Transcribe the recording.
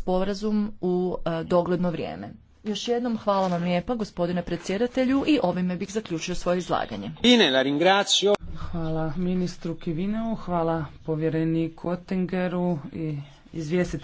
sporazum u e, dogledno vrijeme. Još jednom hvala vam lijepa gospodine predsjedatelju i ovime bih zaključio svoje izlaganje. Hvala ministru Kivineu, hvala povjereniku Ottingeru i izvjestitelju.